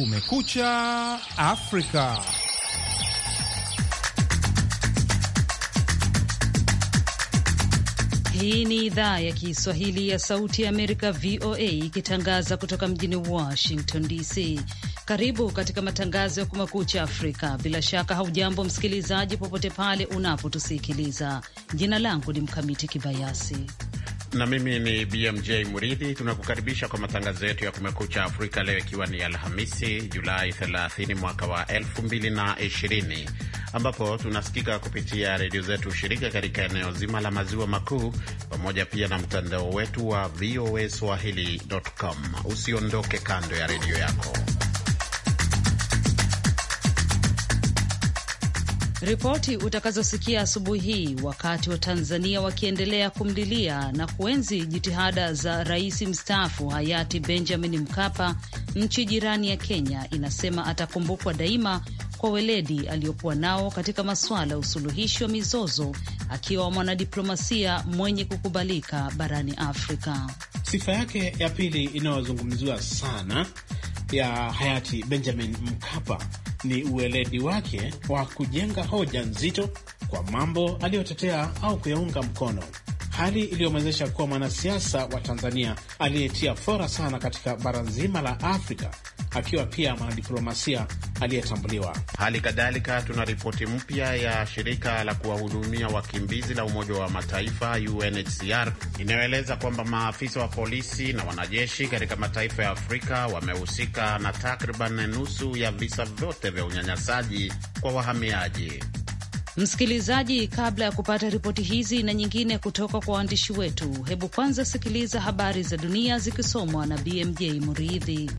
Kumekucha Afrika. Hii ni idhaa ya Kiswahili ya Sauti ya Amerika, VOA, ikitangaza kutoka mjini Washington DC. Karibu katika matangazo ya Kumekucha Afrika. Bila shaka haujambo msikilizaji, popote pale unapotusikiliza. Jina langu ni Mkamiti Kibayasi na mimi ni BMJ Muridhi. Tunakukaribisha kwa matangazo yetu ya Kumekucha Afrika leo ikiwa ni Alhamisi, Julai 30 mwaka wa 2020 ambapo tunasikika kupitia redio zetu shirika katika eneo zima la maziwa makuu pamoja pia na mtandao wetu wa VOA swahili.com. Usiondoke kando ya redio yako. Ripoti utakazosikia asubuhi hii, wakati wa Tanzania wakiendelea kumlilia na kuenzi jitihada za rais mstaafu hayati Benjamin Mkapa, nchi jirani ya Kenya inasema atakumbukwa daima kwa weledi aliyokuwa nao katika masuala ya usuluhishi wa mizozo akiwa mwanadiplomasia mwenye kukubalika barani Afrika. Sifa yake ya pili inayozungumziwa sana ya hayati Benjamin Mkapa ni ueledi wake wa kujenga hoja nzito kwa mambo aliyotetea au kuyaunga mkono hali iliyomwezesha kuwa mwanasiasa wa Tanzania aliyetia fora sana katika bara nzima la Afrika, akiwa pia mwanadiplomasia aliyetambuliwa. Hali kadhalika tuna ripoti mpya ya shirika la kuwahudumia wakimbizi la Umoja wa Mataifa UNHCR inayoeleza kwamba maafisa wa polisi na wanajeshi katika mataifa ya Afrika wamehusika na takriban nusu ya visa vyote vya unyanyasaji kwa wahamiaji. Msikilizaji, kabla ya kupata ripoti hizi na nyingine kutoka kwa waandishi wetu, hebu kwanza sikiliza habari za dunia zikisomwa na BMJ Muridhi.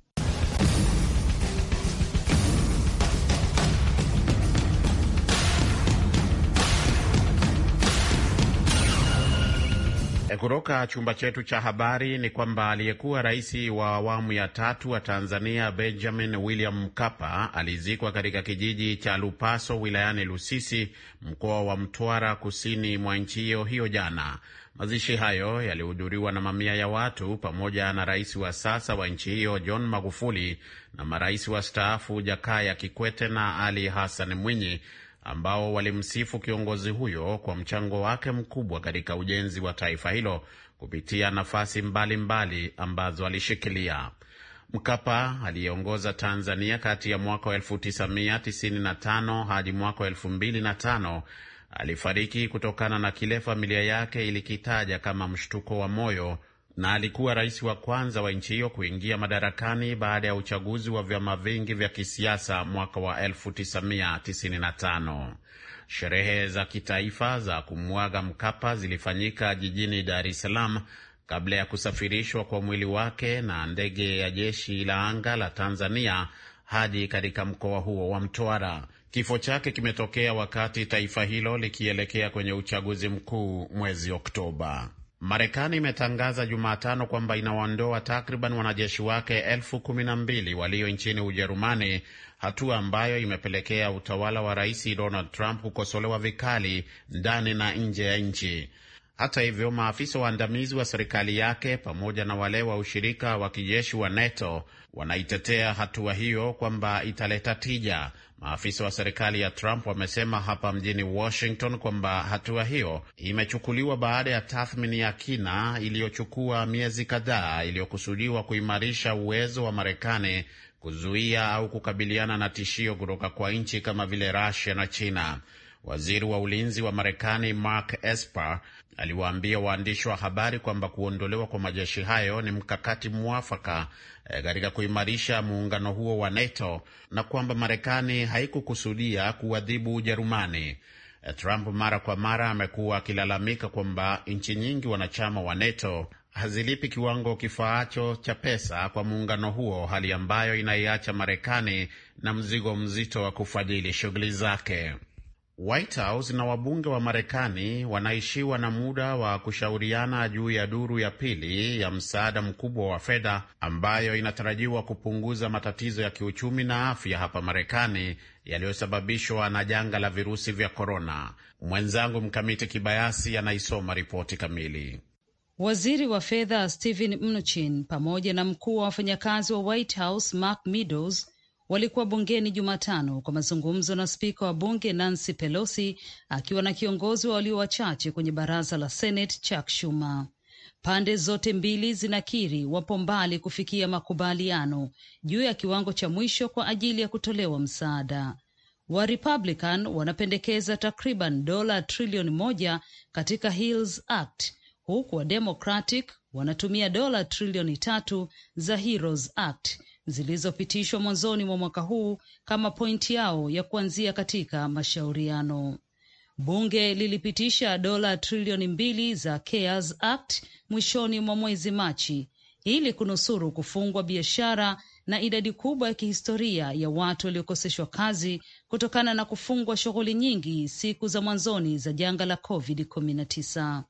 Kutoka chumba chetu cha habari ni kwamba aliyekuwa rais wa awamu ya tatu wa Tanzania Benjamin William Mkapa alizikwa katika kijiji cha Lupaso wilayani Lusisi mkoa wa Mtwara kusini mwa nchi hiyo hiyo jana. Mazishi hayo yalihudhuriwa na mamia ya watu pamoja na rais wa sasa wa nchi hiyo John Magufuli na marais wa staafu Jakaya Kikwete na Ali Hassan Mwinyi ambao walimsifu kiongozi huyo kwa mchango wake mkubwa katika ujenzi wa taifa hilo kupitia nafasi mbalimbali mbali ambazo alishikilia. Mkapa aliyeongoza Tanzania kati ya mwaka wa 1995 hadi mwaka wa 2005 alifariki kutokana na kile familia yake ilikitaja kama mshtuko wa moyo na alikuwa rais wa kwanza wa nchi hiyo kuingia madarakani baada ya uchaguzi wa vyama vingi vya kisiasa mwaka wa 1995. Sherehe za kitaifa za kumwaga Mkapa zilifanyika jijini Dar es Salaam kabla ya kusafirishwa kwa mwili wake na ndege ya jeshi la anga la Tanzania hadi katika mkoa huo wa Mtwara. Kifo chake kimetokea wakati taifa hilo likielekea kwenye uchaguzi mkuu mwezi Oktoba. Marekani imetangaza Jumatano kwamba inawaondoa takriban wanajeshi wake elfu kumi na mbili walio nchini Ujerumani, hatua ambayo imepelekea utawala wa Rais Donald Trump kukosolewa vikali ndani na nje ya nchi. Hata hivyo, maafisa waandamizi wa serikali yake pamoja na wale wa ushirika wa kijeshi wa NATO wanaitetea hatua hiyo kwamba italeta tija. Maafisa wa serikali ya Trump wamesema hapa mjini Washington kwamba hatua hiyo imechukuliwa baada ya tathmini ya kina iliyochukua miezi kadhaa iliyokusudiwa kuimarisha uwezo wa Marekani kuzuia au kukabiliana na tishio kutoka kwa nchi kama vile Rusia na China. Waziri wa ulinzi wa Marekani Mark Esper aliwaambia waandishi wa habari kwamba kuondolewa kwa majeshi hayo ni mkakati mwafaka eh, katika kuimarisha muungano huo wa NATO na kwamba Marekani haikukusudia kuadhibu Ujerumani. Eh, Trump mara kwa mara amekuwa akilalamika kwamba nchi nyingi wanachama wa NATO hazilipi kiwango kifaacho cha pesa kwa muungano huo, hali ambayo inaiacha Marekani na mzigo mzito wa kufadhili shughuli zake. White House na wabunge wa Marekani wanaishiwa na muda wa kushauriana juu ya duru ya pili ya msaada mkubwa wa fedha ambayo inatarajiwa kupunguza matatizo ya kiuchumi na afya hapa Marekani yaliyosababishwa na janga la virusi vya korona. Mwenzangu Mkamiti Kibayasi anaisoma ripoti kamili. Waziri wa fedha Steven Mnuchin pamoja na mkuu wa wafanyakazi wa White House Mark Meadows walikuwa bungeni Jumatano kwa mazungumzo na spika wa bunge Nancy Pelosi akiwa na kiongozi wa walio wachache kwenye baraza la Senate Chuck Schumer. Pande zote mbili zinakiri wapo mbali kufikia makubaliano juu ya kiwango cha mwisho kwa ajili ya kutolewa msaada. Wa Republican wanapendekeza takriban dola trilioni moja katika Hills Act huku wa Democratic wanatumia dola trilioni tatu za Heroes Act zilizopitishwa mwanzoni mwa mwaka huu kama pointi yao ya kuanzia katika mashauriano. Bunge lilipitisha dola trilioni mbili za CARES Act mwishoni mwa mwezi Machi ili kunusuru kufungwa biashara na idadi kubwa ya kihistoria ya watu waliokoseshwa kazi kutokana na kufungwa shughuli nyingi siku za mwanzoni za janga la COVID-19.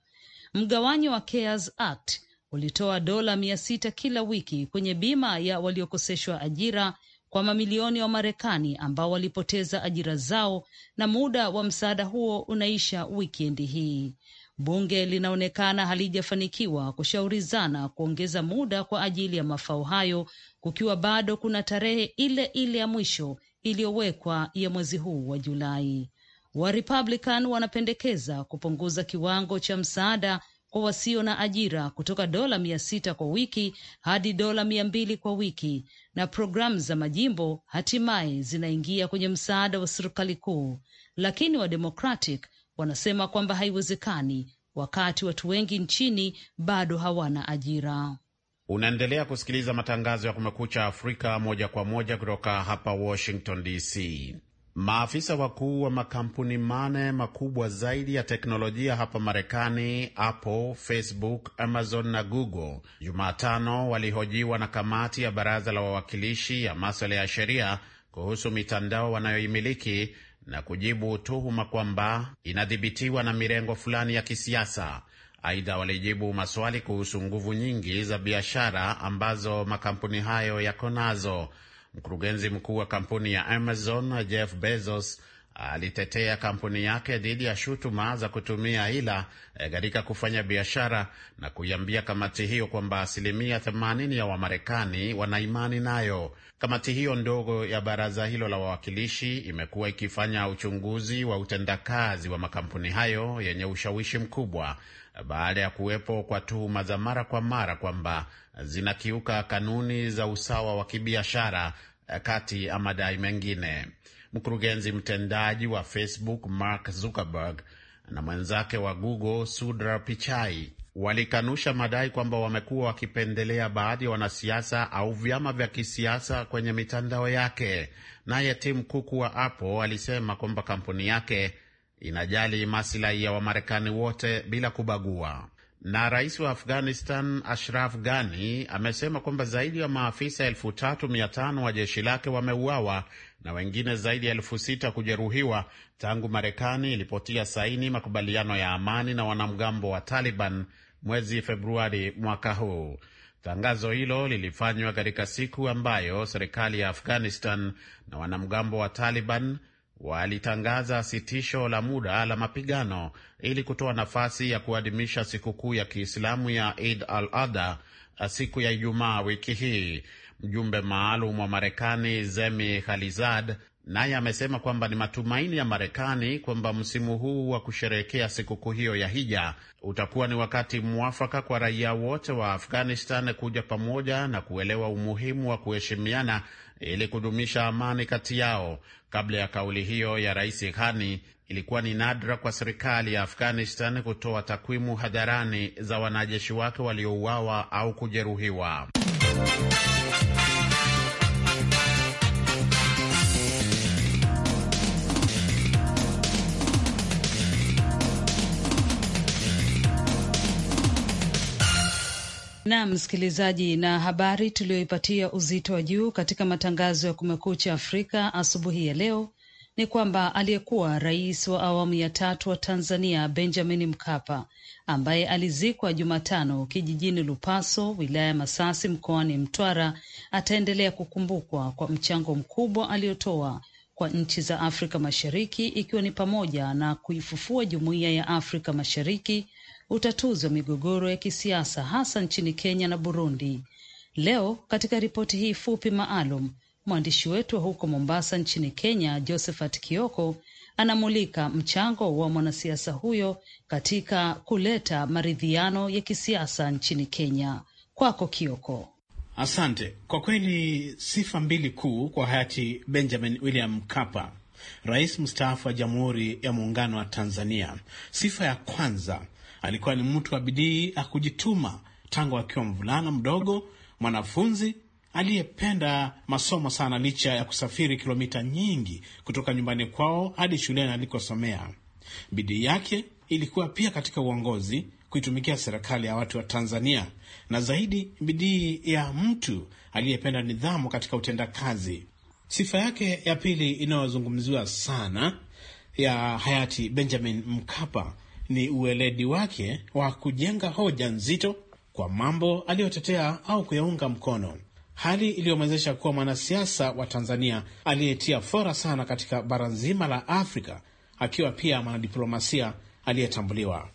Mgawanyo wa CARES Act ulitoa dola mia sita kila wiki kwenye bima ya waliokoseshwa ajira kwa mamilioni wa marekani ambao walipoteza ajira zao, na muda wa msaada huo unaisha wikendi hii. Bunge linaonekana halijafanikiwa kushaurizana kuongeza muda kwa ajili ya mafao hayo, kukiwa bado kuna tarehe ile ile ya mwisho iliyowekwa ya mwezi huu wa Julai. Warepublican wanapendekeza kupunguza kiwango cha msaada kwa wasio na ajira kutoka dola mia sita kwa wiki hadi dola mia mbili kwa wiki, na programu za majimbo hatimaye zinaingia kwenye msaada wa serikali kuu, lakini wademokratic wanasema kwamba haiwezekani wakati watu wengi nchini bado hawana ajira. Unaendelea kusikiliza matangazo ya Kumekucha Afrika moja kwa moja kutoka hapa Washington DC. Maafisa wakuu wa makampuni mane makubwa zaidi ya teknolojia hapa Marekani, Apple, Facebook, Amazon na Google, Jumatano walihojiwa na kamati ya baraza la wawakilishi ya maswala ya sheria kuhusu mitandao wanayoimiliki na kujibu tuhuma kwamba inadhibitiwa na mirengo fulani ya kisiasa. Aidha, walijibu maswali kuhusu nguvu nyingi za biashara ambazo makampuni hayo yako nazo. Mkurugenzi mkuu wa kampuni ya Amazon Jeff Bezos alitetea kampuni yake dhidi ya shutuma za kutumia hila eh, katika e, kufanya biashara na kuiambia kamati hiyo kwamba asilimia 80 ya Wamarekani wanaimani nayo. Kamati hiyo ndogo ya baraza hilo la wawakilishi imekuwa ikifanya uchunguzi wa utendakazi wa makampuni hayo yenye ushawishi mkubwa baada ya kuwepo kwa tuhuma za mara kwa mara kwamba zinakiuka kanuni za usawa wa kibiashara eh, kati ya madai mengine. Mkurugenzi mtendaji wa Facebook Mark Zuckerberg na mwenzake wa Google Sundar Pichai walikanusha madai kwamba wamekuwa wakipendelea baadhi ya wanasiasa au vyama vya kisiasa kwenye mitandao yake. Naye Tim Cook wa Apple alisema kwamba kampuni yake inajali masilahi ya Wamarekani wote bila kubagua. Na rais wa Afghanistan Ashraf Ghani amesema kwamba zaidi ya maafisa elfu tatu mia tano wa jeshi lake wameuawa na wengine zaidi ya elfu sita kujeruhiwa tangu Marekani ilipotia saini makubaliano ya amani na wanamgambo wa Taliban mwezi Februari mwaka huu. Tangazo hilo lilifanywa katika siku ambayo serikali ya Afghanistan na wanamgambo wa Taliban walitangaza sitisho la muda la mapigano ili kutoa nafasi ya kuadhimisha sikukuu ya Kiislamu ya Eid al-Adha eh, siku ya Ijumaa wiki hii. Mjumbe maalum wa Marekani Zemi Khalizad naye amesema kwamba ni matumaini ya Marekani kwamba msimu huu wa kusherehekea sikukuu hiyo ya hija utakuwa ni wakati mwafaka kwa raia wote wa Afghanistan kuja pamoja na kuelewa umuhimu wa kuheshimiana ili kudumisha amani kati yao. Kabla ya kauli hiyo ya Rais Ghani, ilikuwa ni nadra kwa serikali ya Afghanistan kutoa takwimu hadharani za wanajeshi wake waliouawa au kujeruhiwa. na msikilizaji, na habari tuliyoipatia uzito wa juu katika matangazo ya Kumekucha Afrika asubuhi ya leo ni kwamba aliyekuwa rais wa awamu ya tatu wa Tanzania Benjamin Mkapa ambaye alizikwa Jumatano kijijini Lupaso, wilaya ya Masasi, mkoani Mtwara, ataendelea kukumbukwa kwa mchango mkubwa aliotoa kwa nchi za Afrika Mashariki, ikiwa ni pamoja na kuifufua Jumuiya ya Afrika Mashariki, utatuzi wa migogoro ya kisiasa hasa nchini Kenya na Burundi. Leo katika ripoti hii fupi maalum, mwandishi wetu wa huko Mombasa nchini Kenya, Josephat Kioko, anamulika mchango wa mwanasiasa huyo katika kuleta maridhiano ya kisiasa nchini Kenya. Kwako Kioko. Asante. Kwa kweli sifa mbili kuu kwa hayati Benjamin William Mkapa, rais mstaafu wa Jamhuri ya Muungano wa Tanzania. Sifa ya kwanza Alikuwa ni mtu wa bidii akujituma tangu akiwa mvulana mdogo, mwanafunzi aliyependa masomo sana, licha ya kusafiri kilomita nyingi kutoka nyumbani kwao hadi shuleni alikosomea. Bidii yake ilikuwa pia katika uongozi, kuitumikia serikali ya watu wa Tanzania, na zaidi bidii ya mtu aliyependa nidhamu katika utendakazi. Sifa yake ya pili inayozungumziwa sana ya hayati Benjamin Mkapa ni ueledi wake wa kujenga hoja nzito kwa mambo aliyotetea au kuyaunga mkono, hali iliyomwezesha kuwa mwanasiasa wa Tanzania aliyetia fora sana katika bara nzima la Afrika, akiwa pia mwanadiplomasia aliyetambuliwa.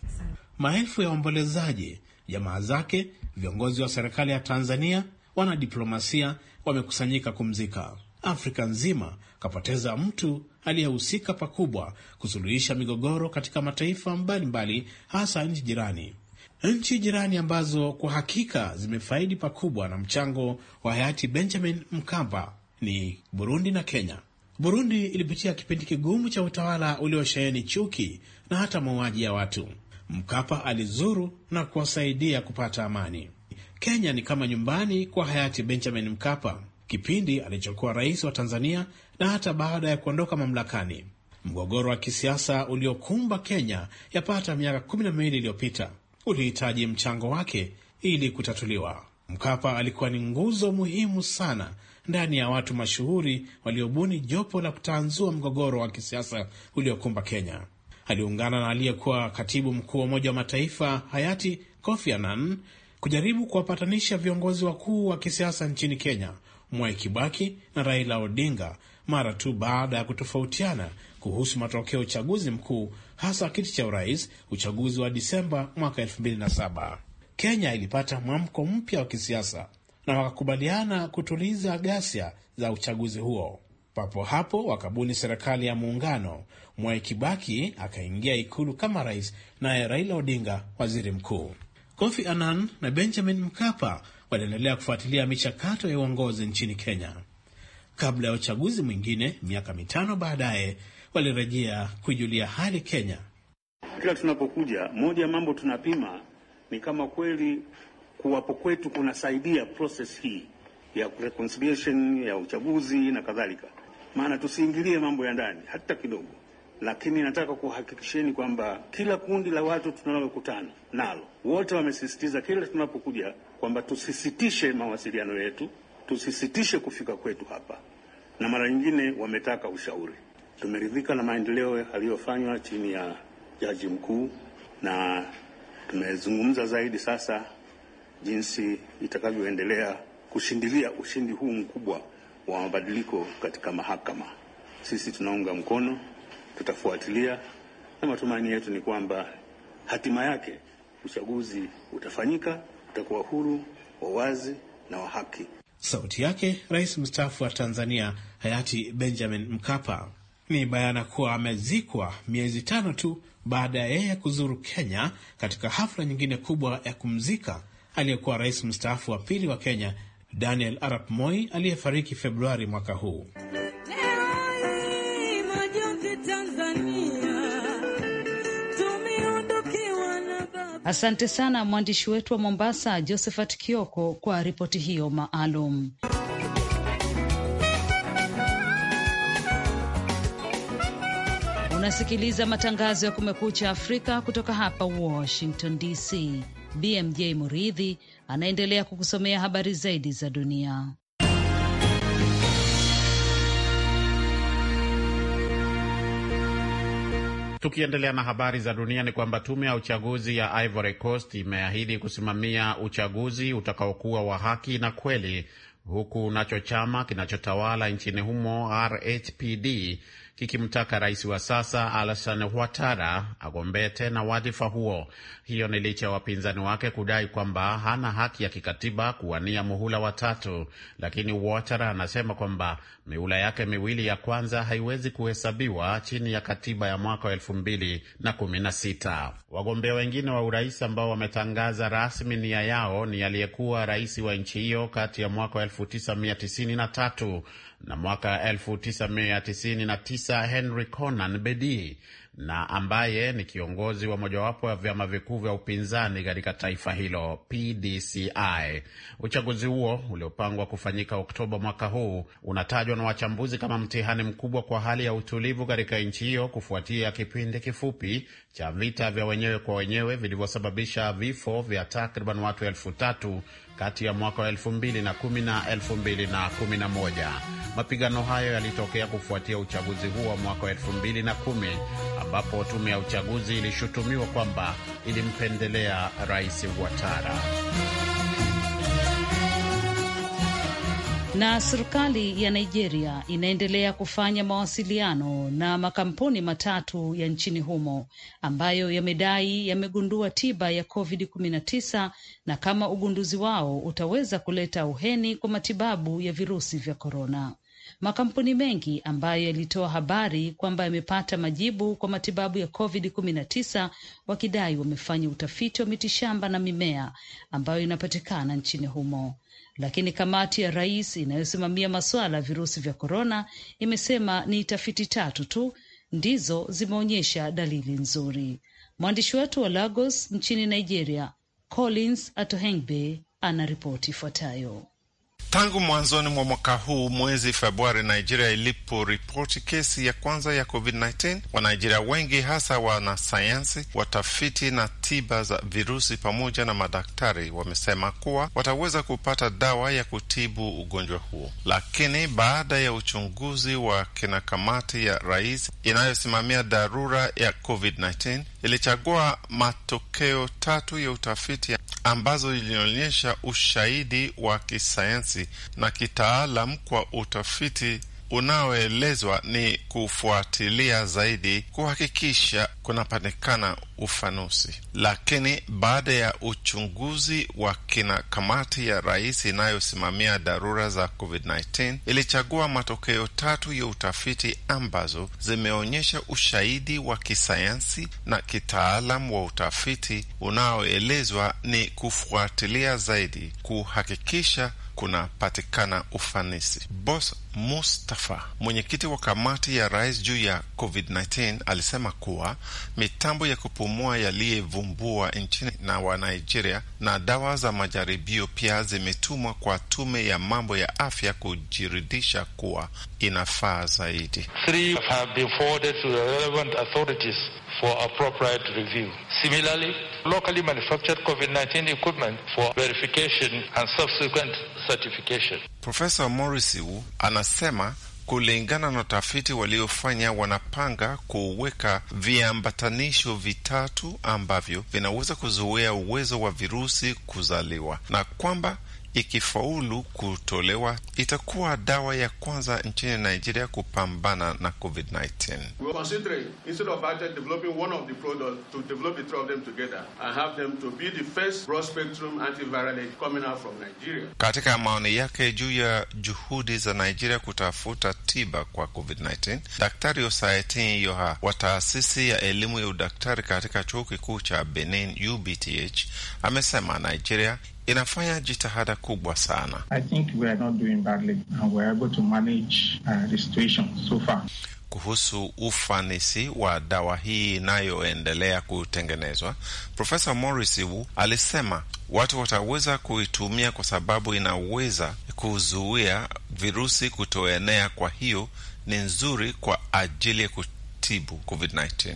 Maelfu ya waombolezaji, jamaa zake, viongozi wa serikali ya Tanzania, wanadiplomasia wamekusanyika kumzika. Afrika nzima kapoteza mtu aliyehusika pakubwa kusuluhisha migogoro katika mataifa mbalimbali mbali, hasa nchi jirani nchi jirani ambazo kwa hakika zimefaidi pakubwa na mchango wa hayati Benjamin Mkapa ni Burundi na Kenya. Burundi ilipitia kipindi kigumu cha utawala uliosheheni chuki na hata mauaji ya watu. Mkapa alizuru na kuwasaidia kupata amani. Kenya ni kama nyumbani kwa hayati Benjamin Mkapa. Kipindi alichokuwa rais wa Tanzania na hata baada ya kuondoka mamlakani. Mgogoro wa kisiasa uliokumba Kenya yapata miaka kumi na miwili iliyopita ulihitaji mchango wake ili kutatuliwa. Mkapa alikuwa ni nguzo muhimu sana ndani ya watu mashuhuri waliobuni jopo la kutanzua mgogoro wa kisiasa uliokumba Kenya. Aliungana na aliyekuwa katibu mkuu wa Umoja wa Mataifa hayati Kofi Annan kujaribu kuwapatanisha viongozi wakuu wa kisiasa nchini Kenya, Mwai Kibaki na Raila Odinga mara tu baada ya kutofautiana kuhusu matokeo ya uchaguzi mkuu, hasa kiti cha urais, uchaguzi wa Disemba mwaka 2007. Kenya ilipata mwamko mpya wa kisiasa na wakakubaliana kutuliza ghasia za uchaguzi huo. Papo hapo wakabuni serikali ya muungano. Mwai Kibaki akaingia ikulu kama rais, naye Raila Odinga waziri mkuu. Kofi Annan na Benjamin Mkapa waliendelea kufuatilia michakato ya uongozi nchini Kenya kabla ya uchaguzi mwingine miaka mitano baadaye, walirejea kujulia hali Kenya. Kila tunapokuja, moja ya mambo tunapima ni kama kweli kuwapo kwetu kunasaidia proses hii ya reconciliation ya uchaguzi na kadhalika. Maana tusiingilie mambo ya ndani hata kidogo, lakini nataka kuhakikisheni kwamba kila kundi la watu tunalokutana nalo wote wamesisitiza kila tunapokuja kwamba tusisitishe mawasiliano yetu tusisitishe kufika kwetu hapa, na mara nyingine wametaka ushauri. Tumeridhika na maendeleo aliyofanywa chini ya jaji mkuu, na tumezungumza zaidi sasa jinsi itakavyoendelea kushindilia ushindi huu mkubwa wa mabadiliko katika mahakama. Sisi tunaunga mkono, tutafuatilia, na matumaini yetu ni kwamba hatima yake uchaguzi utafanyika, utakuwa huru wa wazi na wa haki. Sauti yake rais mstaafu wa Tanzania hayati Benjamin Mkapa. Ni bayana kuwa amezikwa miezi tano tu baada ya yeye kuzuru Kenya katika hafla nyingine kubwa ya kumzika aliyekuwa rais mstaafu wa pili wa Kenya Daniel Arap Moi aliyefariki Februari mwaka huu. Asante sana mwandishi wetu wa Mombasa, Josephat Kioko, kwa ripoti hiyo maalum. Unasikiliza matangazo ya Kumekucha Afrika kutoka hapa Washington DC. BMJ Muridhi anaendelea kukusomea habari zaidi za dunia. Tukiendelea na habari za dunia ni kwamba tume ya uchaguzi ya Ivory Coast imeahidi kusimamia uchaguzi utakaokuwa wa haki na kweli, huku nacho chama kinachotawala nchini humo RHPD kikimtaka rais wa sasa Alasan huatara agombee tena wadhifa huo. Hiyo ni licha ya wapinzani wake kudai kwamba hana haki ya kikatiba kuwania muhula watatu, lakini watara anasema kwamba mihula yake miwili ya kwanza haiwezi kuhesabiwa chini ya katiba ya mwaka wa elfu mbili na kumi na sita. Wagombea wengine wa urais ambao wametangaza rasmi nia yao ni aliyekuwa rais wa nchi hiyo kati ya mwaka wa elfu tisa mia tisini na tatu na mwaka 1999 Henry Conan Bedi na ambaye ni kiongozi wa mojawapo ya vyama vikuu vya upinzani katika taifa hilo PDCI. Uchaguzi huo uliopangwa kufanyika Oktoba mwaka huu unatajwa na wachambuzi kama mtihani mkubwa kwa hali ya utulivu katika nchi hiyo kufuatia kipindi kifupi cha vita vya wenyewe kwa wenyewe vilivyosababisha vifo vya takriban watu elfu tatu kati ya mwaka wa 2010 na 2011. Mapigano hayo yalitokea kufuatia uchaguzi huo wa mwaka wa 2010 ambapo tume ya uchaguzi ilishutumiwa kwamba ilimpendelea Rais Ouattara. Na serikali ya Nigeria inaendelea kufanya mawasiliano na makampuni matatu ya nchini humo ambayo yamedai yamegundua tiba ya COVID-19 na kama ugunduzi wao utaweza kuleta uheni kwa matibabu ya virusi vya korona. Makampuni mengi ambayo yalitoa habari kwamba yamepata majibu kwa matibabu ya COVID-19 wakidai wamefanya utafiti wa mitishamba na mimea ambayo inapatikana nchini humo lakini kamati ya rais inayosimamia masuala ya virusi vya korona imesema ni tafiti tatu tu ndizo zimeonyesha dalili nzuri. Mwandishi wetu wa Lagos nchini Nigeria, Collins Atohengbe, ana ripoti ifuatayo. Tangu mwanzoni mwa mwaka huu mwezi Februari, Nigeria iliporipoti kesi ya kwanza ya COVID-19, Wanigeria wengi hasa wanasayansi, watafiti na tiba za virusi pamoja na madaktari wamesema kuwa wataweza kupata dawa ya kutibu ugonjwa huo, lakini baada ya uchunguzi wa kina kamati ya rais inayosimamia dharura ya COVID-19 ilichagua matokeo tatu ya utafiti ambazo ilionyesha ushahidi wa kisayansi kisayansi na kitaalam kwa utafiti unaoelezwa ni kufuatilia zaidi kuhakikisha kunapatikana ufanusi. Lakini baada ya uchunguzi wa kina, kamati ya rais inayosimamia dharura za COVID-19 ilichagua matokeo tatu ya utafiti ambazo zimeonyesha ushahidi wa kisayansi na kitaalam wa utafiti unaoelezwa ni kufuatilia zaidi kuhakikisha kunapatikana ufanisi. bos Mustafa, mwenyekiti wa kamati ya rais juu ya COVID-19, alisema kuwa mitambo ya kupumua yaliyevumbua nchini na wa Nigeria na dawa za majaribio pia zimetumwa kwa tume ya mambo ya afya kujiridhisha kuwa inafaa zaidi. Similarly, locally manufactured COVID-19 equipment for verification and subsequent certification. Profesa Morisiu anasema kulingana na utafiti waliofanya, wanapanga kuweka viambatanisho vitatu ambavyo vinaweza kuzuia uwezo wa virusi kuzaliwa na kwamba ikifaulu kutolewa, itakuwa dawa ya kwanza nchini Nigeria kupambana na COVID-19. Katika maoni yake juu ya juhudi za Nigeria kutafuta tiba kwa COVID-19, Daktari Osaetin Yoha wa taasisi ya elimu ya udaktari katika chuo kikuu cha Benin UBTH amesema Nigeria inafanya jitihada kubwa sana. Uh, Kuhusu ufanisi wa dawa hii inayoendelea kutengenezwa, Profesa Morris Wu alisema watu wataweza kuitumia kwa sababu inaweza kuzuia virusi kutoenea, kwa hiyo ni nzuri kwa ajili ya kutibu COVID-19.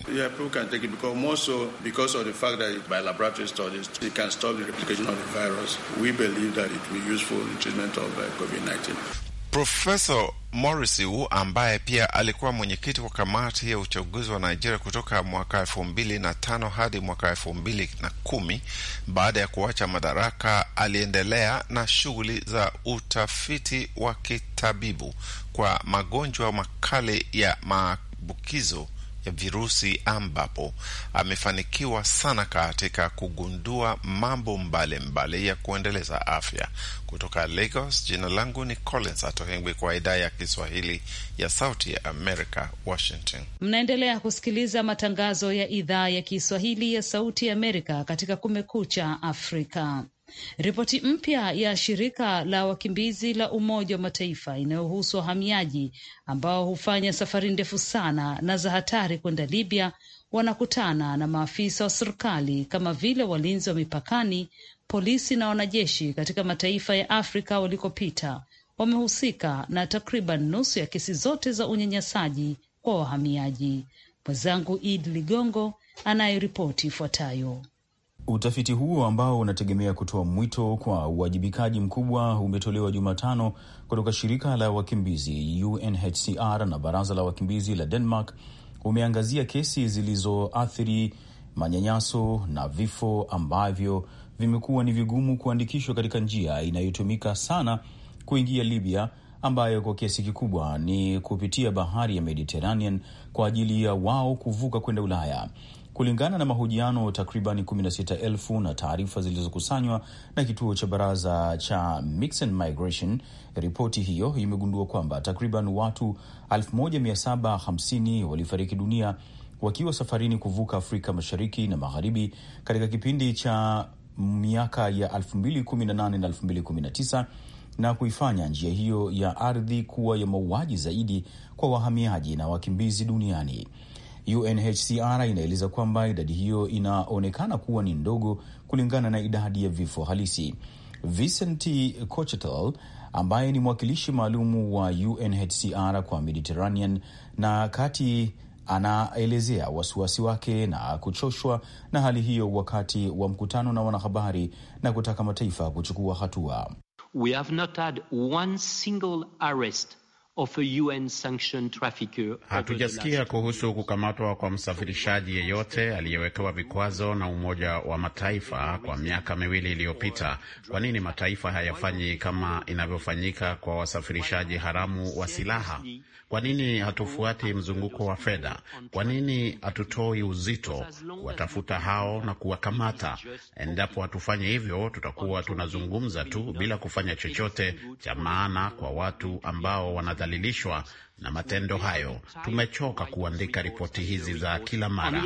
Profeso Profesa Morisiu ambaye pia alikuwa mwenyekiti wa kamati ya uchaguzi wa Nigeria kutoka mwaka elfu mbili na tano hadi mwaka elfu mbili na kumi baada ya kuacha madaraka, aliendelea na shughuli za utafiti wa kitabibu kwa magonjwa makali ya ma maambukizo ya virusi ambapo amefanikiwa sana katika kugundua mambo mbalimbali ya kuendeleza afya. Kutoka Lagos, jina langu ni Collins Atohengwi kwa idhaa ya Kiswahili ya Sauti ya Amerika, Washington. Mnaendelea kusikiliza matangazo ya idhaa ya Kiswahili ya Sauti ya Amerika katika Kumekucha Afrika. Ripoti mpya ya shirika la wakimbizi la Umoja wa Mataifa inayohusu wahamiaji ambao hufanya safari ndefu sana na za hatari kwenda Libya wanakutana na maafisa wa serikali kama vile walinzi wa mipakani, polisi na wanajeshi katika mataifa ya Afrika walikopita wamehusika na takriban nusu ya kesi zote za unyanyasaji kwa wahamiaji. Mwenzangu Id Ligongo anayeripoti ifuatayo. Utafiti huo ambao unategemea kutoa mwito kwa uwajibikaji mkubwa umetolewa Jumatano kutoka shirika la wakimbizi UNHCR na baraza la wakimbizi la Denmark. Umeangazia kesi zilizoathiri manyanyaso na vifo ambavyo vimekuwa ni vigumu kuandikishwa katika njia inayotumika sana kuingia Libya, ambayo kwa kiasi kikubwa ni kupitia bahari ya Mediterranean kwa ajili ya wao kuvuka kwenda Ulaya kulingana na mahojiano takriban 16,000 na taarifa zilizokusanywa na kituo cha baraza cha Mix and Migration. Ripoti hiyo imegundua kwamba takriban watu 1750 walifariki dunia wakiwa safarini kuvuka Afrika Mashariki na Magharibi katika kipindi cha miaka ya 2018 na 2019 na kuifanya njia hiyo ya ardhi kuwa ya mauaji zaidi kwa wahamiaji na wakimbizi duniani. UNHCR inaeleza kwamba idadi hiyo inaonekana kuwa ni ndogo kulingana na idadi ya vifo halisi. Vicent Cochetel ambaye ni mwakilishi maalum wa UNHCR kwa Mediterranean na kati anaelezea wasiwasi wake na kuchoshwa na hali hiyo wakati wa mkutano na wanahabari na kutaka mataifa kuchukua hatua. We have not had one single arrest of a UN sanctioned trafficker. Hatujasikia kuhusu kukamatwa kwa msafirishaji yeyote aliyewekewa vikwazo na Umoja wa Mataifa kwa miaka miwili iliyopita. Kwa nini mataifa hayafanyi kama inavyofanyika kwa wasafirishaji haramu wa silaha? Kwa nini hatufuati mzunguko wa fedha? Kwa nini hatutoi uzito kuwatafuta hao na kuwakamata? Endapo hatufanye hivyo, tutakuwa tunazungumza tu bila kufanya chochote cha maana kwa watu ambao wanadhalilishwa na matendo hayo. Tumechoka kuandika ripoti hizi za kila mara.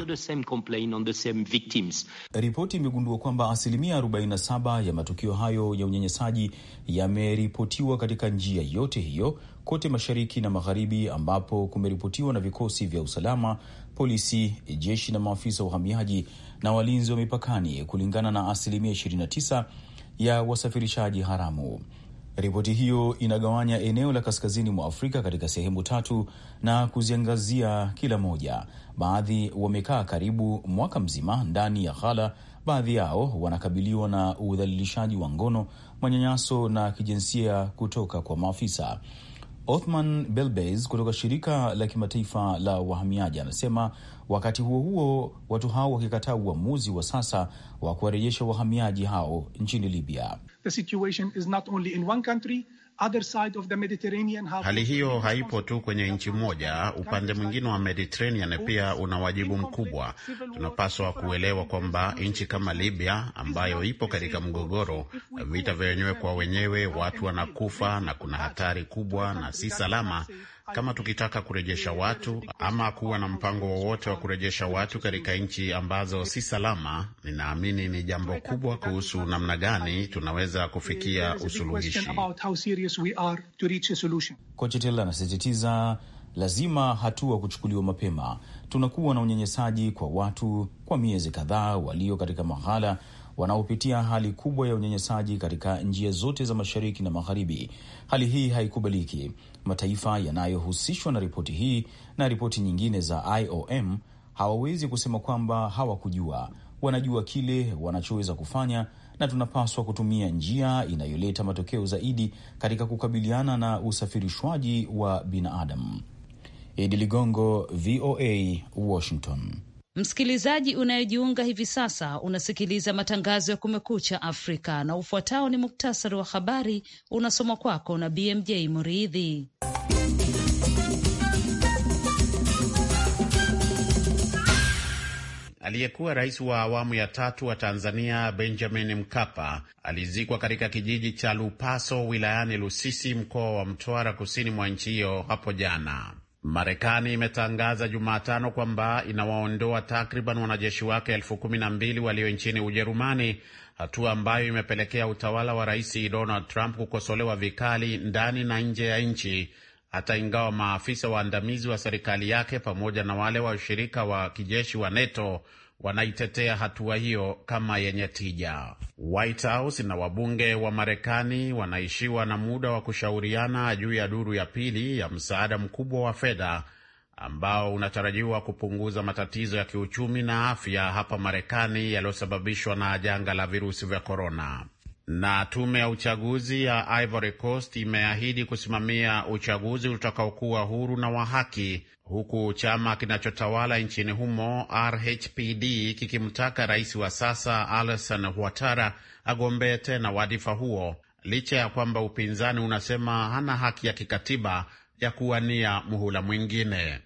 Ripoti imegundua kwamba asilimia 47 ya matukio hayo ya unyanyasaji yameripotiwa katika njia yote hiyo kote mashariki na magharibi, ambapo kumeripotiwa na vikosi vya usalama, polisi, jeshi na maafisa wa uhamiaji na walinzi wa mipakani, kulingana na asilimia 29 ya wasafirishaji haramu. Ripoti hiyo inagawanya eneo la kaskazini mwa Afrika katika sehemu tatu na kuziangazia kila moja. Baadhi wamekaa karibu mwaka mzima ndani ya ghala, baadhi yao wanakabiliwa na udhalilishaji wa ngono, manyanyaso na kijinsia kutoka kwa maafisa. Othman Belbez kutoka shirika la kimataifa la wahamiaji anasema wakati huo huo, watu hao wakikataa uamuzi wa sasa wa kuwarejesha wahamiaji hao nchini Libya. The situation is not only in one country, Hali hiyo haipo tu kwenye nchi moja. Upande mwingine wa Mediterranean pia una wajibu mkubwa. Tunapaswa kuelewa kwamba nchi kama Libya ambayo ipo katika mgogoro, vita vya wenyewe kwa wenyewe, watu wanakufa na kuna hatari kubwa na si salama kama tukitaka kurejesha watu ama kuwa na mpango wowote wa kurejesha watu katika nchi ambazo si salama, ninaamini ni jambo kubwa kuhusu namna gani tunaweza kufikia usuluhishi. Kochetel anasisitiza lazima hatua kuchukuliwa mapema. Tunakuwa na unyanyasaji kwa watu kwa miezi kadhaa walio katika mahala wanaopitia hali kubwa ya unyanyasaji katika njia zote za mashariki na magharibi. Hali hii haikubaliki mataifa yanayohusishwa na ripoti hii na ripoti nyingine za IOM hawawezi kusema kwamba hawakujua. Wanajua kile wanachoweza kufanya, na tunapaswa kutumia njia inayoleta matokeo zaidi katika kukabiliana na usafirishwaji wa binadamu. Idi Ligongo, VOA, Washington. Msikilizaji unayejiunga hivi sasa, unasikiliza matangazo ya Kumekucha Afrika, na ufuatao ni muktasari wa habari unasoma kwako na BMJ Muridhi. Aliyekuwa rais wa awamu ya tatu wa Tanzania Benjamin Mkapa alizikwa katika kijiji cha Lupaso wilayani Lusisi mkoa wa Mtwara kusini mwa nchi hiyo hapo jana. Marekani imetangaza Jumatano kwamba inawaondoa takriban wanajeshi wake elfu kumi na mbili walio nchini Ujerumani, hatua ambayo imepelekea utawala wa rais Donald Trump kukosolewa vikali ndani na nje ya nchi hata ingawa maafisa waandamizi wa serikali yake pamoja na wale wa ushirika wa kijeshi wa NATO wanaitetea hatua hiyo kama yenye tija. White House na wabunge wa Marekani wanaishiwa na muda wa kushauriana juu ya duru ya pili ya msaada mkubwa wa fedha ambao unatarajiwa kupunguza matatizo ya kiuchumi na afya hapa Marekani yaliyosababishwa na janga la virusi vya korona. Na tume ya uchaguzi ya Ivory Coast imeahidi kusimamia uchaguzi utakaokuwa huru na wa haki, huku chama kinachotawala nchini humo RHPD kikimtaka rais wa sasa Alassane Ouattara agombee tena wadhifa huo licha ya kwamba upinzani unasema hana haki ya kikatiba ya kuwania muhula mwingine.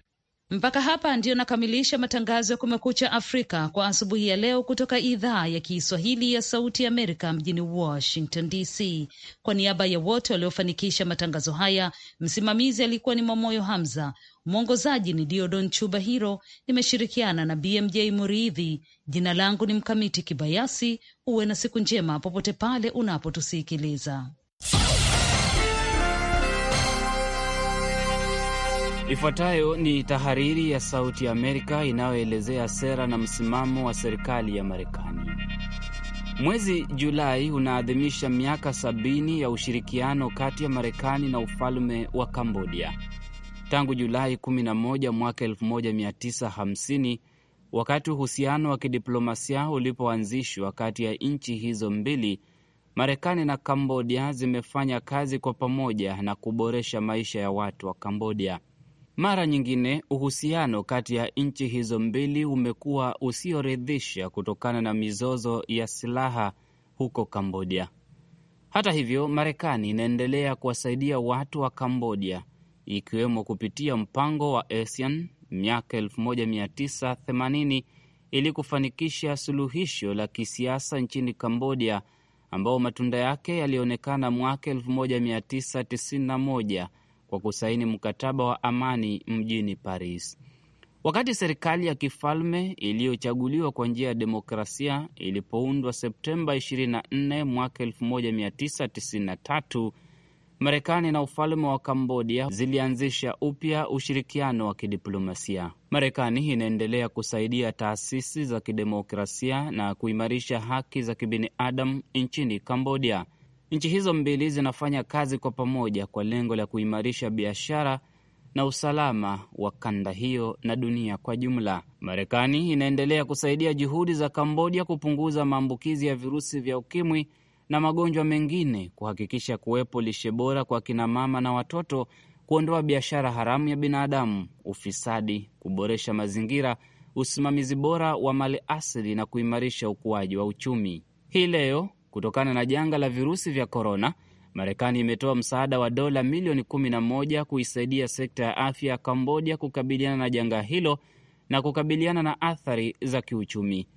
Mpaka hapa ndiyo nakamilisha matangazo ya Kumekucha Afrika kwa asubuhi ya leo kutoka idhaa ya Kiswahili ya Sauti Amerika mjini Washington DC. Kwa niaba ya wote waliofanikisha matangazo haya, msimamizi alikuwa ni Mwamoyo Hamza, mwongozaji ni Diodon Chuba Hiro, nimeshirikiana na BMJ Muridhi. Jina langu ni Mkamiti Kibayasi. Uwe na siku njema popote pale unapotusikiliza. Ifuatayo ni tahariri ya Sauti ya Amerika inayoelezea sera na msimamo wa serikali ya Marekani. Mwezi Julai unaadhimisha miaka sabini ya ushirikiano kati ya Marekani na ufalme wa Kambodia tangu Julai 11 mwaka 1950 wakati uhusiano wa kidiplomasia ulipoanzishwa kati ya nchi hizo mbili. Marekani na Kambodia zimefanya kazi kwa pamoja na kuboresha maisha ya watu wa Kambodia. Mara nyingine uhusiano kati ya nchi hizo mbili umekuwa usioridhisha kutokana na mizozo ya silaha huko Kambodia. Hata hivyo, Marekani inaendelea kuwasaidia watu wa Kambodia, ikiwemo kupitia mpango wa ASEAN miaka 1980 ili kufanikisha suluhisho la kisiasa nchini Kambodia, ambao matunda yake yalionekana mwaka 1991 kwa kusaini mkataba wa amani mjini Paris. Wakati serikali ya kifalme iliyochaguliwa kwa njia ya demokrasia ilipoundwa Septemba 24 mwaka 1993, Marekani na ufalme wa Kambodia zilianzisha upya ushirikiano wa kidiplomasia. Marekani inaendelea kusaidia taasisi za kidemokrasia na kuimarisha haki za kibinadamu nchini Kambodia. Nchi hizo mbili zinafanya kazi kwa pamoja kwa lengo la kuimarisha biashara na usalama wa kanda hiyo na dunia kwa jumla. Marekani inaendelea kusaidia juhudi za Kambodia kupunguza maambukizi ya virusi vya ukimwi na magonjwa mengine, kuhakikisha kuwepo lishe bora kwa kinamama na watoto, kuondoa biashara haramu ya binadamu, ufisadi, kuboresha mazingira, usimamizi bora wa mali asili na kuimarisha ukuaji wa uchumi. Hii leo Kutokana na janga la virusi vya korona, Marekani imetoa msaada wa dola milioni 11 kuisaidia sekta ya afya ya Kambodia kukabiliana na janga hilo na kukabiliana na athari za kiuchumi.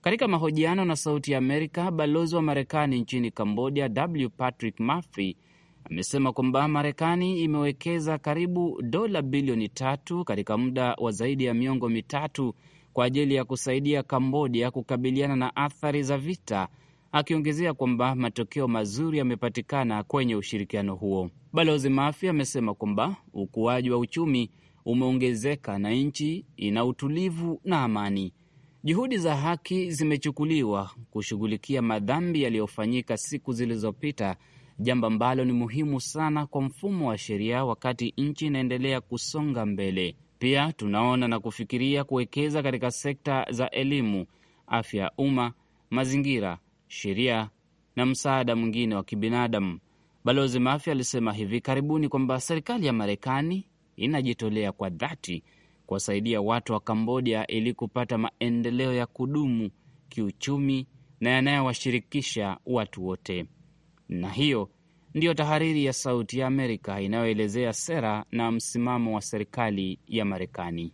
Katika mahojiano na Sauti ya Amerika, balozi wa Marekani nchini Kambodia W Patrick Murphy amesema kwamba Marekani imewekeza karibu dola bilioni tatu katika muda wa zaidi ya miongo mitatu kwa ajili ya kusaidia Kambodia kukabiliana na athari za vita akiongezea kwamba matokeo mazuri yamepatikana kwenye ushirikiano huo. Balozi Mafi amesema kwamba ukuaji wa uchumi umeongezeka na nchi ina utulivu na amani. Juhudi za haki zimechukuliwa kushughulikia madhambi yaliyofanyika siku zilizopita, jambo ambalo ni muhimu sana kwa mfumo wa sheria wakati nchi inaendelea kusonga mbele. Pia tunaona na kufikiria kuwekeza katika sekta za elimu, afya ya umma, mazingira sheria na msaada mwingine wa kibinadamu. Balozi Murphy alisema hivi karibuni kwamba serikali ya Marekani inajitolea kwa dhati kuwasaidia watu wa Kambodia ili kupata maendeleo ya kudumu kiuchumi na yanayowashirikisha watu wote. Na hiyo ndiyo tahariri ya Sauti ya Amerika inayoelezea sera na msimamo wa serikali ya Marekani.